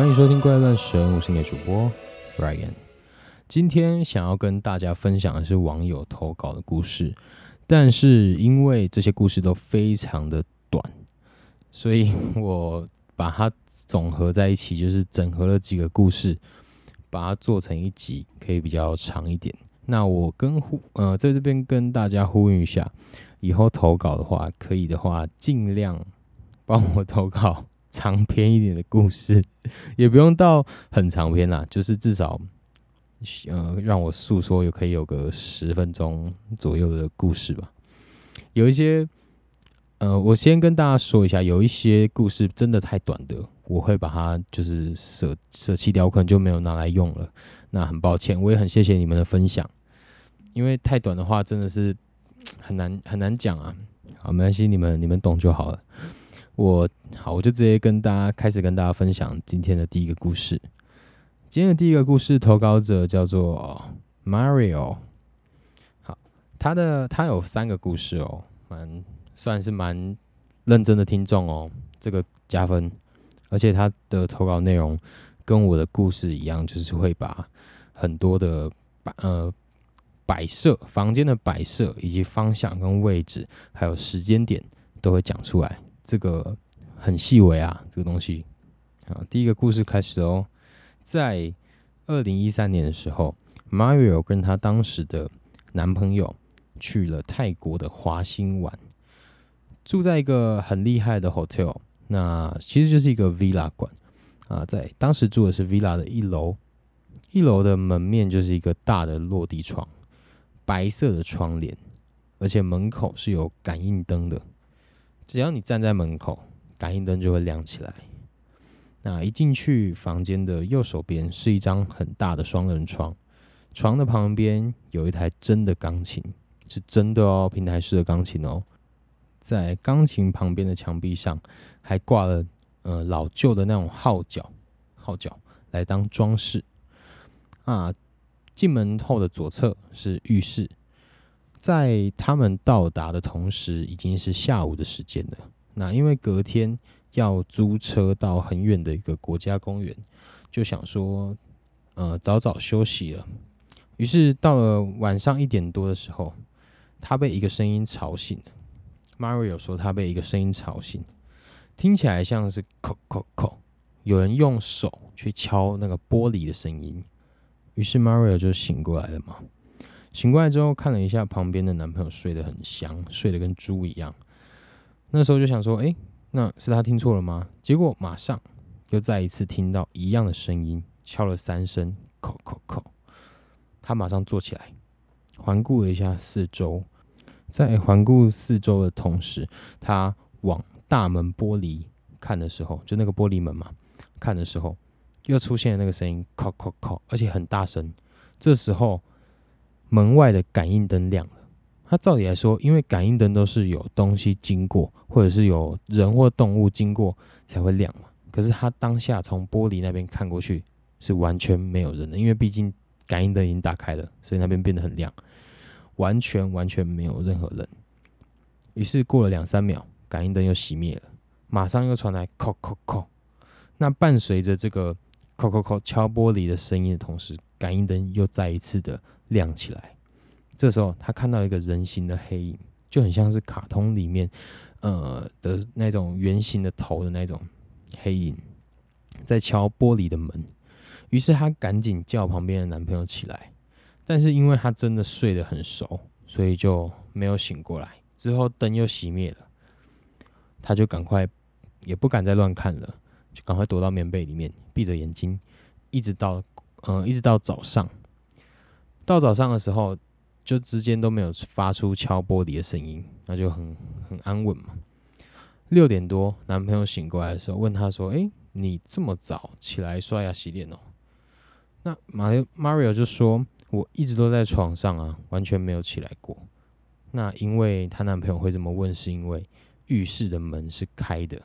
歡迎收聽《怪誕神物》，我是你的主播 Ryan。今天想要跟大家分享的是網友投稿的故事，但是因為這些故事都非常的短，所以我把它總合在一起，就是整合了幾個故事，把它做成一集，可以比較長一點。那我跟呼呃，在這邊跟大家呼籲一下，以後投稿的話，可以的話，盡量幫我投稿。長篇一點的故事，也不用到很長篇啦，就是至少，呃，讓我訴說，也可以有個十分鐘左右的故事吧。有一些，呃，我先跟大家說一下，有一些故事真的太短的，我會把它就是舍捨棄掉，我可能就沒有拿來用了。那很抱歉，我也很謝謝你們的分享，因為太短的話真的是很難很難講啊。好，沒關係，你們你們懂就好了。我好，我就直接跟大家開始跟大家分享今天的第一個故事。今天的第一個故事投稿者叫做 Mario，好，他的他有三個故事哦，蠻算是蠻認真的聽眾哦，這個加分。而且他的投稿內容跟我的故事一樣，就是會把很多的擺呃，擺設、房間的擺設，以及方向跟位置，還有時間點都會講出來。這個很細微啊，這個東西啊，第一個故事開始哦。在二零一三年的時候，Mario 跟她當時的男朋友去了泰國的華欣玩，住在一個很厲害的 hotel，那其實就是一個 villa 館啊，在當時住的是 villa 的一樓，一樓的門面就是一個大的落地窗，白色的窗簾，而且門口是有感應燈的。只要你站在門口，感應燈就會亮起來。那一進去，房間的右手邊是一張很大的雙人床，床的旁邊有一台真的鋼琴，是真的哦，平台式的鋼琴哦。在鋼琴旁邊的牆壁上還掛了呃老舊的那種號角，號角來當裝飾。啊，進門後的左側是浴室。在他們到達的同時，已經是下午的時間了。那因為隔天要租車到很遠的一個國家公園，就想說，呃，早早休息了。於是到了晚上一點多的時候，他被一個聲音吵醒了。Mario 說他被一個聲音吵醒，聽起來像是“叩叩叩 ”，co, 有人用手去敲那個玻璃的聲音。於是 Mario 就醒過來了嘛。醒過來之後，看了一下旁邊的男朋友，睡得很香，睡得跟豬一樣。那時候就想說：“誒，那是他聽錯了嗎？”結果馬上又再一次聽到一樣的聲音，敲了三聲，叩叩叩。他馬上坐起來，環顧了一下四周，在環顧四周的同時，他往大門玻璃看的時候，就那個玻璃門嘛，看的時候又出現了那個聲音，叩叩叩，而且很大聲。這時候。門外的感應燈亮了，它照理來說，因為感應燈都是有東西經過，或者是有人或動物經過才會亮嘛。可是他當下從玻璃那邊看過去，是完全沒有人的，因為畢竟感應燈已經打開了，所以那邊變得很亮，完全完全沒有任何人。於是過了兩三秒，感應燈又熄滅了，馬上又傳來叩叩叩，那伴隨着這個叩叩叩敲玻璃的聲音的同時。感應燈又再一次的亮起來，這時候他看到一個人形的黑影，就很像是卡通裡面，呃的那種圓形的頭的那種黑影，在敲玻璃的門。於是他趕緊叫旁邊的男朋友起來，但是因為他真的睡得很熟，所以就沒有醒過來。之後燈又熄滅了，他就趕快，也不敢再亂看了，就趕快躲到棉被裡面，閉着眼睛，一直到。嗯，一直到早上，到早上的時候，就之間都沒有發出敲玻璃的聲音，那就很很安穩嘛。六點多，男朋友醒過來的時候，問他說：“哎、欸，你這麼早起來刷牙洗臉哦、喔？”那 Marie 就說：“我一直都在床上啊，完全沒有起來過。”那因為她男朋友會這麼問，是因為浴室的門是開的，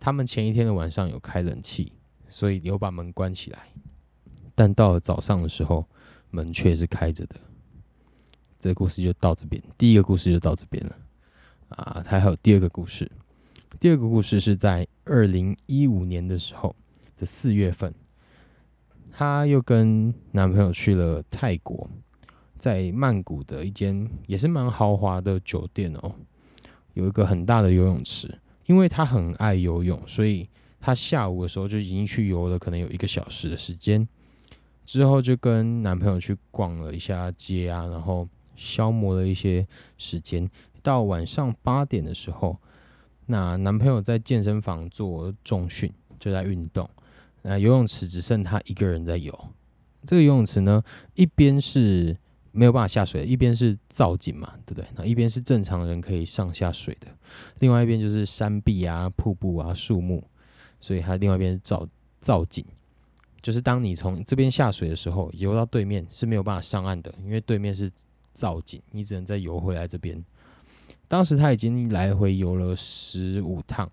他們前一天的晚上有開冷氣，所以有把門關起來。但到了早上的時候，門卻是開着的。這個故事就到這邊，第一個故事就到這邊了啊！他還有第二個故事，第二個故事是在二零一五年的時候的四月份，他又跟男朋友去了泰國，在曼谷的一間也是蠻豪華的酒店哦，有一個很大的游泳池。因為他很愛游泳，所以他下午的時候就已經去游了，可能有一個小時的時間。之後就跟男朋友去逛了一下街啊，然後消磨了一些時間。到晚上八點的時候，那男朋友在健身房做重訓，就在運動。那游泳池只剩他一個人在游。這個游泳池呢，一邊是沒有辦法下水的，一邊是造景嘛，對不對，對？那一邊是正常人可以上下水的，另外一邊就是山壁啊、瀑布啊、樹木，所以他另外一邊是造造景。就是當你從這邊下水的時候，游到對面是沒有辦法上岸的，因為對面是造景，你只能再游回來這邊。當時他已經來回游了十五趟，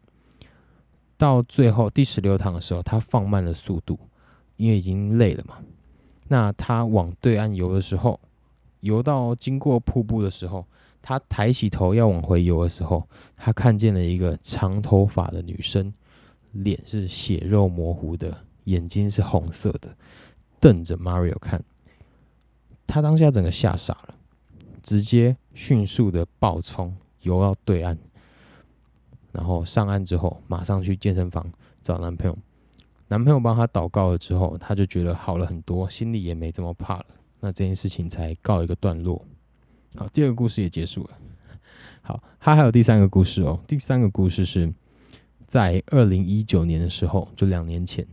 到最後第十六趟的時候，他放慢了速度，因為已經累了嘛。那他往對岸游的時候，游到經過瀑布的時候，他抬起頭要往回游的時候，他看見了一個長頭髮的女生，臉是血肉模糊的。眼睛是紅色的，瞪着 Mario 看，他當下整個嚇傻了，直接迅速的爆衝游到對岸，然後上岸之後馬上去健身房找男朋友，男朋友幫他禱告了之後，他就覺得好了很多，心裡也沒這麼怕了。那這件事情才告一個段落。好，第二個故事也結束了。好，他還有第三個故事哦。第三個故事是在二零一九年的時候，就兩年前。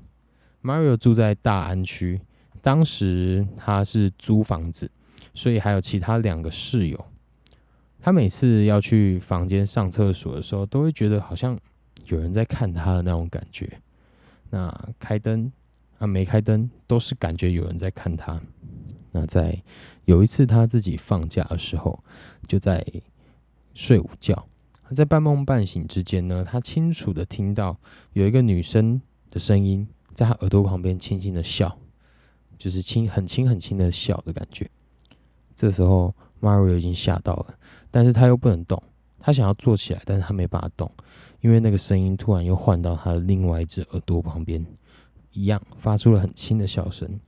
Mario 住在大安區，當時他是租房子，所以還有其他兩個室友。他每次要去房間上廁所的時候，都會覺得好像有人在看他的那種感覺。那開燈啊，沒開燈，都是感覺有人在看他。那在有一次他自己放假的時候，就在睡午覺。在半夢半醒之間呢，他清楚的聽到有一個女生的聲音。在他耳朵旁邊輕輕的笑，就是輕很輕很輕的笑的感覺。這時候，Mario 已經嚇到了，但是他又不能動。他想要坐起來，但是他沒辦法動，因為那個聲音突然又換到他的另外一隻耳朵旁邊，一樣發出了很輕的笑聲。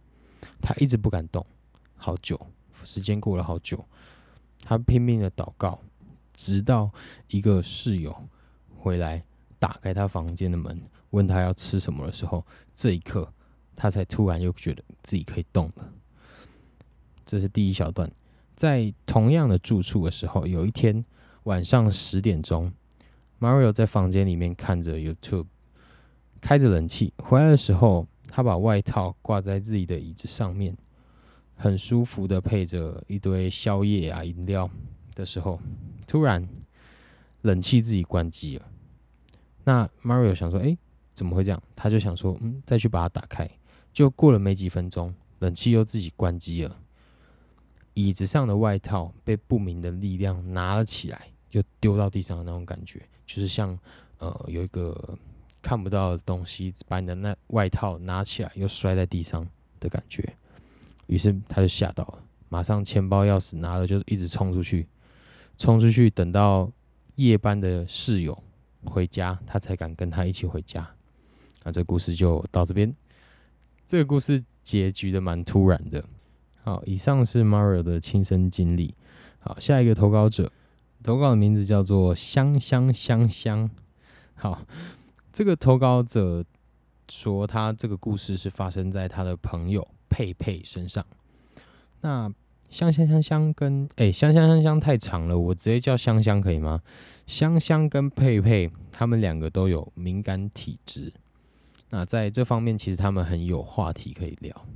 他一直不敢動，好久，時間過了好久，他拼命的禱告，直到一個室友回來打開他房間的門。問他要吃什麼的時候，這一刻他才突然又覺得自己可以動了。這是第一小段，在同樣的住處的時候，有一天晚上十點鐘，Mario 在房間裡面看着 YouTube，開着冷氣。回來的時候，他把外套掛在自己的椅子上面，很舒服的配着一堆宵夜啊飲料的時候，突然冷氣自己關機了。那 Mario 想說：“哎、欸。”怎麼會這樣？他就想說：“嗯，再去把它打開。”就過了沒幾分鐘，冷氣又自己關機了。椅子上的外套被不明的力量拿了起來，又丟到地上的那種感覺就是像呃有一個看不到的東西把你的那外套拿起來又摔在地上的感覺。於是他就嚇到了，馬上錢包、鑰匙拿了，就一直衝出去，衝出去等到夜班的室友回家，他才敢跟他一起回家。那這故事就到這邊。這個故事結局的蠻突然的。好，以上是 Mario 的親身經歷。好，下一個投稿者，投稿的名字叫做香香香香。好，這個投稿者說他這個故事是發生在他的朋友佩佩身上。那香香香香跟，誒，香香香香太長了，我直接叫香香可以嗎？香香跟佩佩，他們兩個都有敏感體質。那在這方面，其實他們很有話題可以聊。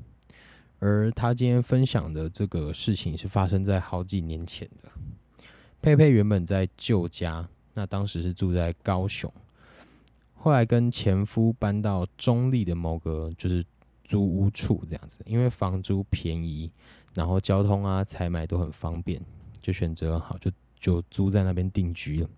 而他今天分享的這個事情是發生在好幾年前的。佩佩原本在舊家，那當時是住在高雄，後來跟前夫搬到中壢的某個就是租屋處這樣子，因為房租便宜，然後交通啊、採買都很方便，就選擇好就就租在那邊定居了。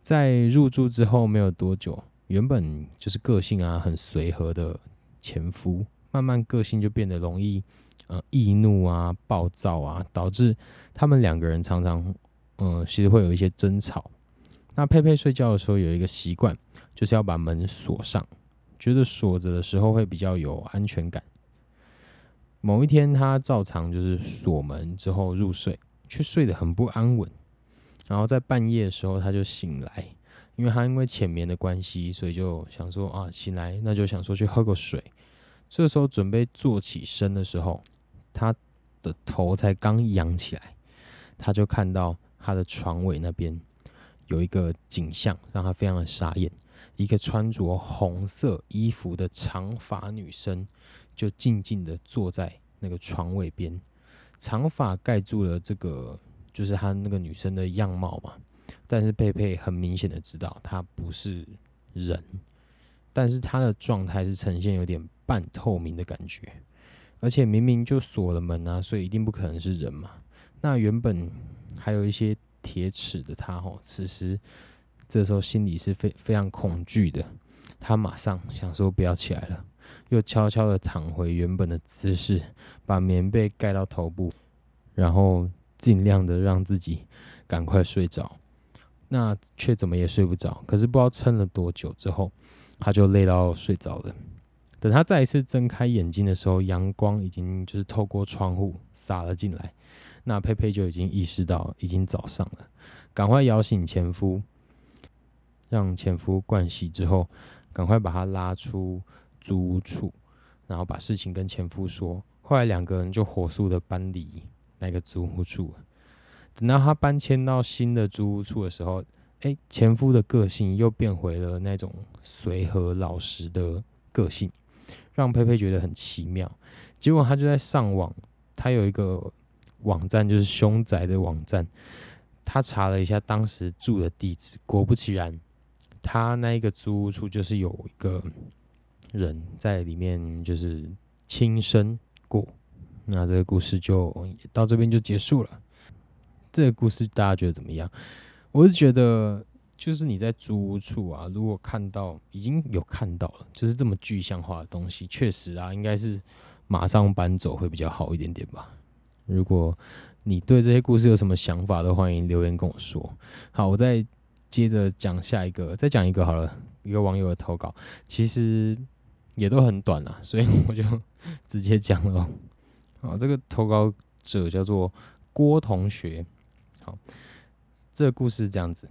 在入住之後沒有多久。原本就是個性啊很隨和的前夫，慢慢個性就變得容易，呃，易怒啊，暴躁啊，導致他們兩個人常常，嗯、呃，其實會有一些爭吵。那佩佩睡覺的時候有一個習慣，就是要把門鎖上，覺得鎖着的時候會比較有安全感。某一天，他照常就是鎖門之後入睡，卻睡得很不安穩，然後在半夜的時候他就醒來。因為他因為淺眠的關係，所以就想說啊，醒來那就想說去喝個水。這時候準備坐起身的時候，他的頭才剛仰起來，他就看到他的床尾那邊有一個景象，讓他非常的傻眼。一個穿着紅色衣服的長髮女生，就靜靜的坐在那個床尾邊，長髮蓋住了這個，就是他那個女生的樣貌嘛。但是佩佩很明顯的知道，他不是人，但是他的狀態是呈現有點半透明的感覺，而且明明就鎖了門啊，所以一定不可能是人嘛。那原本還有一些鐵齒的他吼，此時這時候心裡是非非常恐懼的，他馬上想說不要起來了，又悄悄的躺回原本的姿勢，把棉被蓋到頭部，然後儘量的讓自己趕快睡着。那卻怎麼也睡不着，可是不知道撐了多久之後，他就累到睡着了。等他再一次睜開眼睛的時候，陽光已經就是透過窗戶灑了進來，那佩佩就已經意識到已經早上了，趕快搖醒前夫，讓前夫盥洗之後，趕快把他拉出租屋處，然後把事情跟前夫說。後來兩個人就火速的搬離那個租屋處。等到他搬遷到新的租屋處的時候，哎，前夫的個性又變回了那種隨和老實的個性，讓佩佩覺得很奇妙。結果他就在上網，他有一個網站，就是凶宅的網站，他查了一下當時住的地址，果不其然，他那一個租屋處就是有一個人在裡面，就是輕生過。那這個故事就到這邊就結束了。這個故事大家覺得怎麼樣？我是覺得，就是你在租屋處啊，如果看到已經有看到了，就是這麼具象化的東西，確實啊，應該是馬上搬走會比較好一點點吧。如果你對這些故事有什麼想法的，都歡迎留言跟我說。好，我再接着講下一個，再講一個好了。一個網友的投稿，其實也都很短啊，所以我就直接講了。好，這個投稿者叫做郭同學。這個故事是這樣子：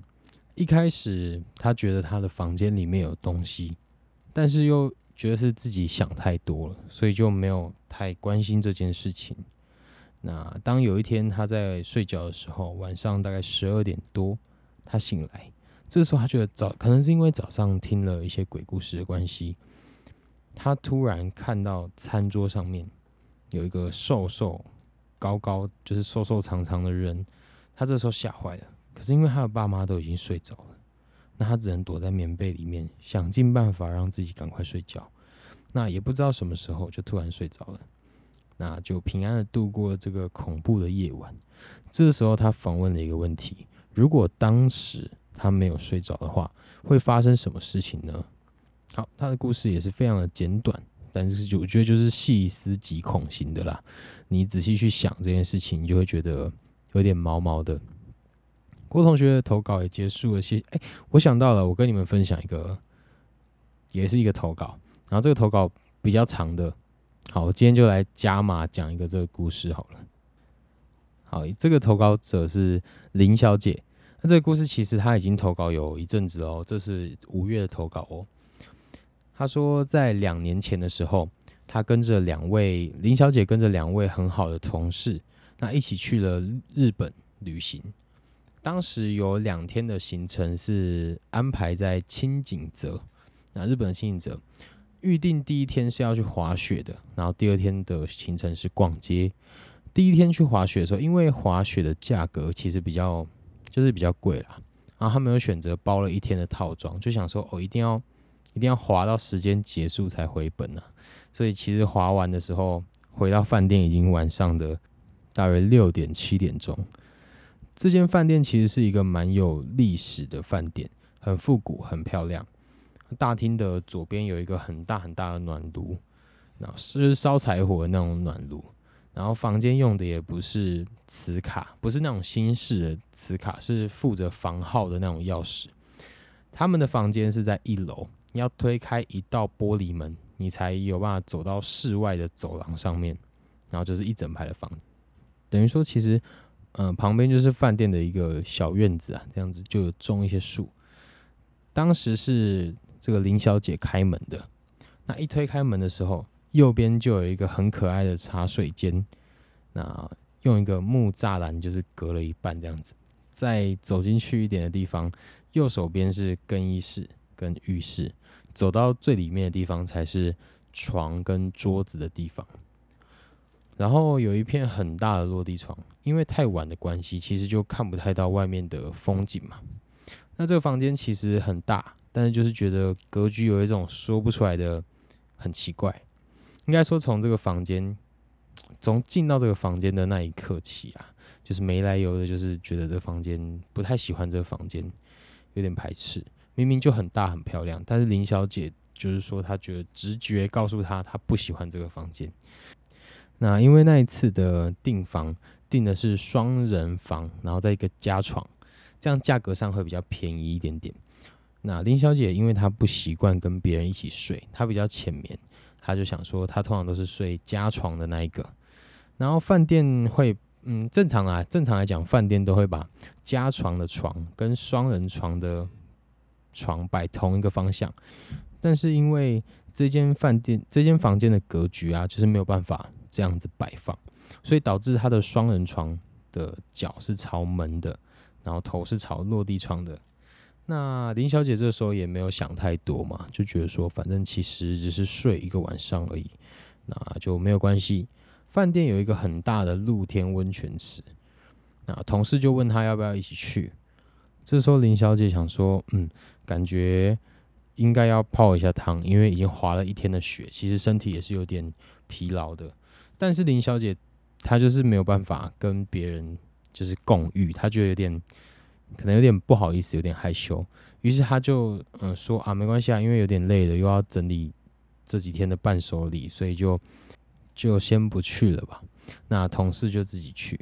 一開始，他覺得他的房間裡面有東西，但是又覺得是自己想太多了，所以就沒有太關心這件事情。那當有一天他在睡覺的時候，晚上大概十二點多，他醒來，這個時候他覺得早，可能是因為早上聽了一些鬼故事的關係，他突然看到餐桌上面有一個瘦瘦、高高，就是瘦瘦長長的人。他這時候嚇壞了，可是因為他的爸媽都已經睡着了，那他只能躲在棉被裡面，想盡辦法讓自己趕快睡覺。那也不知道什麼時候就突然睡着了，那就平安的度過了這個恐怖的夜晚。這個時候他訪問了一個問題：如果當時他沒有睡着的話，會發生什麼事情呢？好，他的故事也是非常的簡短，但是我覺得就是細思極恐型的啦。你仔細去想這件事情，你就會覺得。有點毛毛的郭同學的投稿也結束了，謝謝，欸，我想到了，我跟你們分享一個，也是一個投稿，然後這個投稿比較長的，好，我今天就來加碼講一個這個故事好了。好，這個投稿者是林小姐，那這個故事其實她已經投稿有一陣子了哦，這是五月的投稿哦。她說，在兩年前的時候，她跟着兩位，林小姐跟着兩位很好的同事。那一起去了日本旅行。當時有兩天的行程是安排在輕井澤。那日本的輕井澤，預定第一天是要去滑雪的，然後第二天的行程是逛街。第一天去滑雪的時候，因為滑雪的價格其實比較就是比較貴啦，然後他們又選擇包了一天的套裝，就想說哦，一定要一定要滑到時間結束才回本啊。所以其實滑完的時候回到飯店已經晚上的，大約六點七點鐘，這間飯店其實是一個蠻有歷史的飯店，很複古，很漂亮。大廳的左邊有一個很大很大的暖爐，那是燒柴火的那種暖爐。然後房間用的也不是磁卡，不是那種新式的磁卡，是附着房號的那種鑰匙。他們的房間是在一樓，你要推開一道玻璃門，你才有辦法走到室外的走廊上面，然後就是一整排的房。等於說，其實，嗯、呃，旁邊就是飯店的一個小院子啊，這樣子就有種一些樹。當時是這個林小姐開門的，那一推開門的時候，右邊就有一個很可愛的茶水間，那用一個木柵欄就是隔了一半這樣子。再走進去一點的地方，右手邊是更衣室跟浴室，走到最裡面的地方才是床跟桌子的地方。然後有一片很大的落地窗，因為太晚的關係，其實就看不太到外面的風景嘛。那這個房間其實很大，但是就是覺得格局有一種說不出來的很奇怪。應該說從這個房間，從進到這個房間的那一刻起啊，就是沒來由的，就是覺得這個房間不太喜歡，這個房間有點排斥。明明就很大很漂亮，但是林小姐就是說，她覺得直覺告訴她，她不喜歡這個房間。那因為那一次的訂房訂的是雙人房，然後再一個加床，這樣價格上會比較便宜一點點。那林小姐因為她不習慣跟別人一起睡，她比較淺眠，她就想說她通常都是睡加床的那一個。然後飯店會，嗯，正常啊，正常來講，飯店都會把加床的床跟雙人床的床擺同一個方向，但是因為。這間飯店，這間房間的格局啊，就是沒有辦法這樣子擺放，所以導致他的雙人床的腳是朝門的，然後頭是朝落地窗的。那林小姐這時候也沒有想太多嘛，就覺得說反正其實只是睡一個晚上而已，那就沒有關係。飯店有一個很大的露天溫泉池，那同事就問她要不要一起去。這時候林小姐想說，嗯，感覺。應該要泡一下湯，因為已經滑了一天的雪，其實身體也是有點疲勞的。但是林小姐她就是沒有辦法跟別人就是共浴，她覺得有點可能有點不好意思，有點害羞，於是她就嗯、呃、說啊，沒關係啊，因為有點累了，又要整理這幾天的伴手禮，所以就就先不去了吧。那同事就自己去，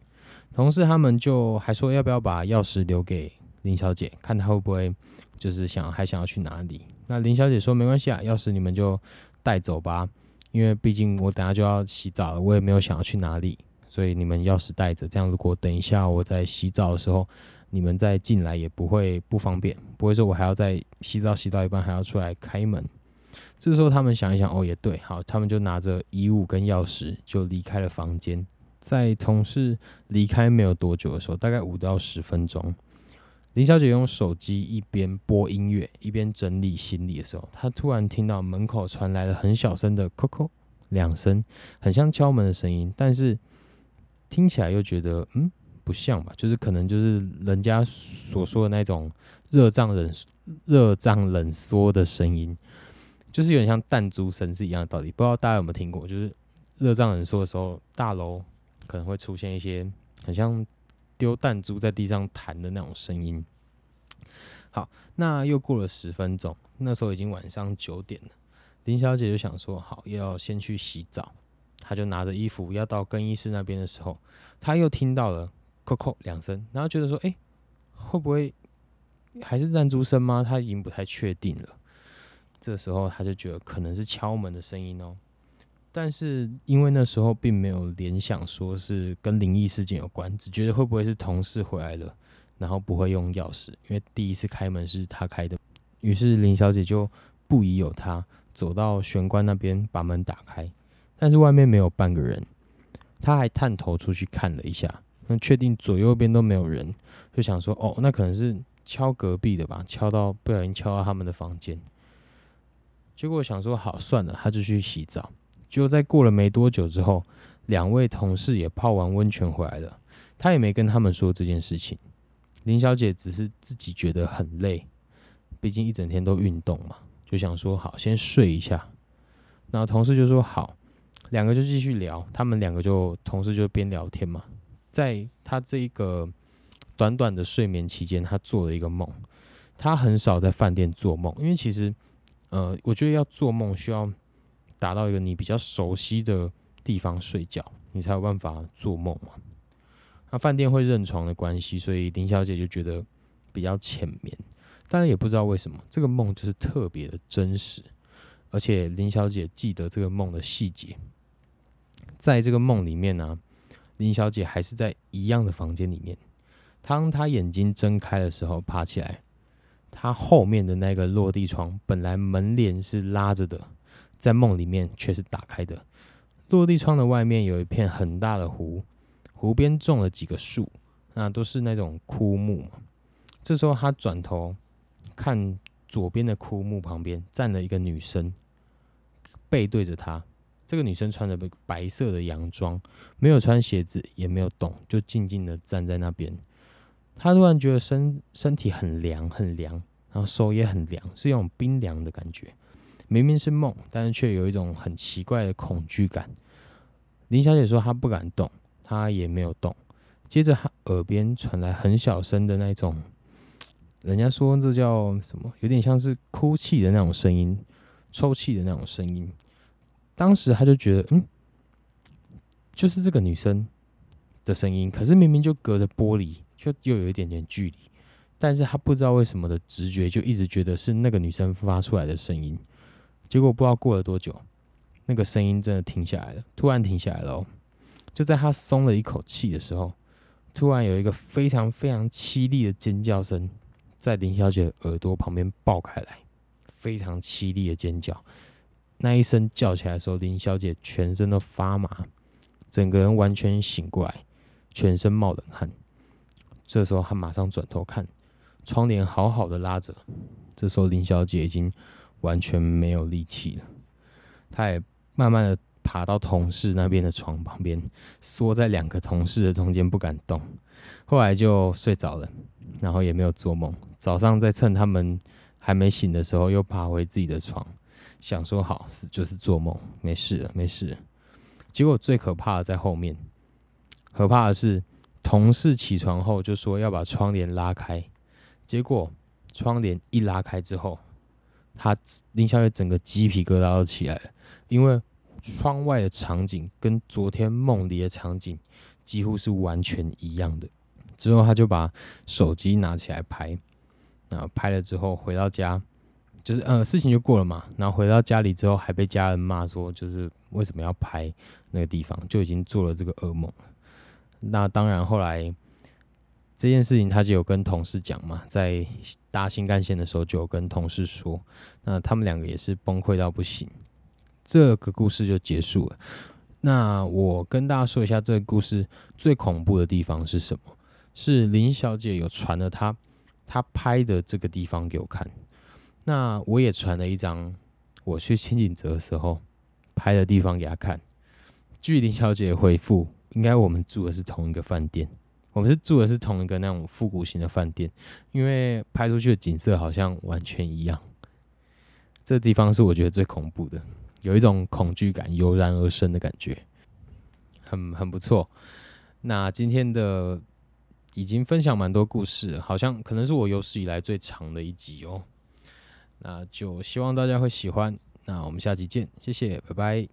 同事他們就還說要不要把鑰匙留給林小姐，看她會不會就是想還想要去哪裡。那林小姐說：“沒關係啊，鑰匙你們就帶走吧，因為畢竟我等下就要洗澡了，我也沒有想要去哪裡，所以你們鑰匙帶着，這樣如果等一下我在洗澡的時候，你們再進來也不會不方便，不會說我還要再洗澡洗到一半還要出來開門。”這時候他們想一想，哦，也對，好，他們就拿着衣物跟鑰匙就離開了房間。在同事離開沒有多久的時候，大概五到十分鐘。林小姐用手機一邊播音樂一邊整理行李的時候，她突然聽到門口傳來了很小聲的“叩叩”兩聲，很像敲門的聲音，但是聽起來又覺得嗯不像吧？就是可能就是人家所說的那種熱脹冷熱脹冷縮的聲音，就是有點像彈珠繩子一樣的道理。不知道大家有沒有聽過？就是熱脹冷縮的時候，大樓可能會出現一些很像。丟彈珠在地上彈的那種聲音。好，那又過了十分鐘，那時候已經晚上九點了。林小姐就想說，好，要先去洗澡。她就拿着衣服要到更衣室那邊的時候，她又聽到了“扣扣”兩聲，然後覺得說，欸，會不會還是彈珠聲嗎？她已經不太確定了。這時候，她就覺得可能是敲門的聲音哦。但是因為那時候並沒有聯想說是跟靈異事件有關，只覺得會不會是同事回來了，然後不會用鑰匙，因為第一次開門是他開的。於是林小姐就不疑有他，走到玄關那邊把門打開，但是外面沒有半個人，她還探頭出去看了一下，那確定左右邊都沒有人，就想說哦，那可能是敲隔壁的吧，敲到不小心敲到他們的房間。結果想說好算了，他就去洗澡。就在過了沒多久之後，兩位同事也泡完溫泉回來了。他也沒跟他們說這件事情。林小姐只是自己覺得很累，畢竟一整天都運動嘛，就想說好先睡一下。然後同事就說好，兩個就繼續聊。他們兩個就同事就邊聊天嘛，在他這一個短短的睡眠期間，他做了一個夢。他很少在飯店做夢，因為其實，呃，我覺得要做夢需要，達到一個你比較熟悉的地方睡覺，你才有辦法做夢嘛。那飯店會認床的關係，所以林小姐就覺得比較淺眠。當然也不知道為什麼，這個夢就是特別的真實，而且林小姐記得這個夢的細節。在這個夢裡面呢、啊，林小姐還是在一樣的房間裡面。她當她眼睛睜開的時候，爬起來，她後面的那個落地窗本來門簾是拉着的。在夢裡面卻是打開的，落地窗的外面有一片很大的湖，湖邊種了幾個樹，那都是那種枯木。這時候他轉頭看左邊，的枯木旁邊站了一個女生，背對着他。這個女生穿着白色的洋裝，沒有穿鞋子，也沒有動，就靜靜的站在那邊。他突然覺得身身體很涼，很涼，然後手也很涼，是一種冰涼的感覺。明明是夢，但是卻有一種很奇怪的恐懼感。林小姐說她不敢動，她也沒有動。接着，她耳邊傳來很小聲的那種，人家說這叫什麼？有點像是哭泣的那種聲音，抽泣的那種聲音。當時她就覺得，嗯，就是這個女生的聲音。可是明明就隔着玻璃，就又有一點點距離，但是她不知道為什麼的直覺，就一直覺得是那個女生發出來的聲音。結果不知道過了多久，那個聲音真的停下來了，突然停下來了喔。就在他鬆了一口氣的時候，突然有一個非常非常淒厲的尖叫聲在林小姐耳朵旁邊爆開來，非常淒厲的尖叫。那一聲叫起來的時候，林小姐全身都發麻，整個人完全醒過來，全身冒冷汗。這時候她馬上轉頭看，窗簾好好的拉着。這時候林小姐已經。完全沒有力氣了，他也慢慢的爬到同事那邊的床旁邊，縮在兩個同事的中間不敢動，後來就睡着了，然後也沒有做夢。早上在趁他們還沒醒的時候，又爬回自己的床，想說好是就是做夢，沒事了，沒事了。結果最可怕的在後面，可怕的是同事起床後就說要把窗簾拉開，結果窗簾一拉開之後，他拎下來整個雞皮疙瘩都起來了，因為窗外的場景跟昨天夢裡的場景幾乎是完全一樣的。之後他就把手機拿起來拍，然後拍了之後回到家，就是呃事情就過了嘛。然後回到家裡之後還被家人罵說，就是為什麼要拍那個地方，就已經做了這個噩夢。那當然後來。這件事情，他就有跟同事講嘛，在搭新幹線的時候，就有跟同事說，那他們兩個也是崩潰到不行。這個故事就結束了。那我跟大家說一下，這個故事最恐怖的地方是什麼？是林小姐有傳了她她拍的這個地方給我看，那我也傳了一張我去輕井澤的時候拍的地方給她看。據林小姐回覆，應該我們住的是同一個飯店。我們是住的是同一個那種復古型的飯店，因為拍出去的景色好像完全一樣。這地方是我覺得最恐怖的，有一種恐懼感油然而生的感覺，很很不錯。那今天的已經分享蠻多故事，好像可能是我有史以來最長的一集哦。那就希望大家會喜歡，那我們下期見，謝謝，拜拜。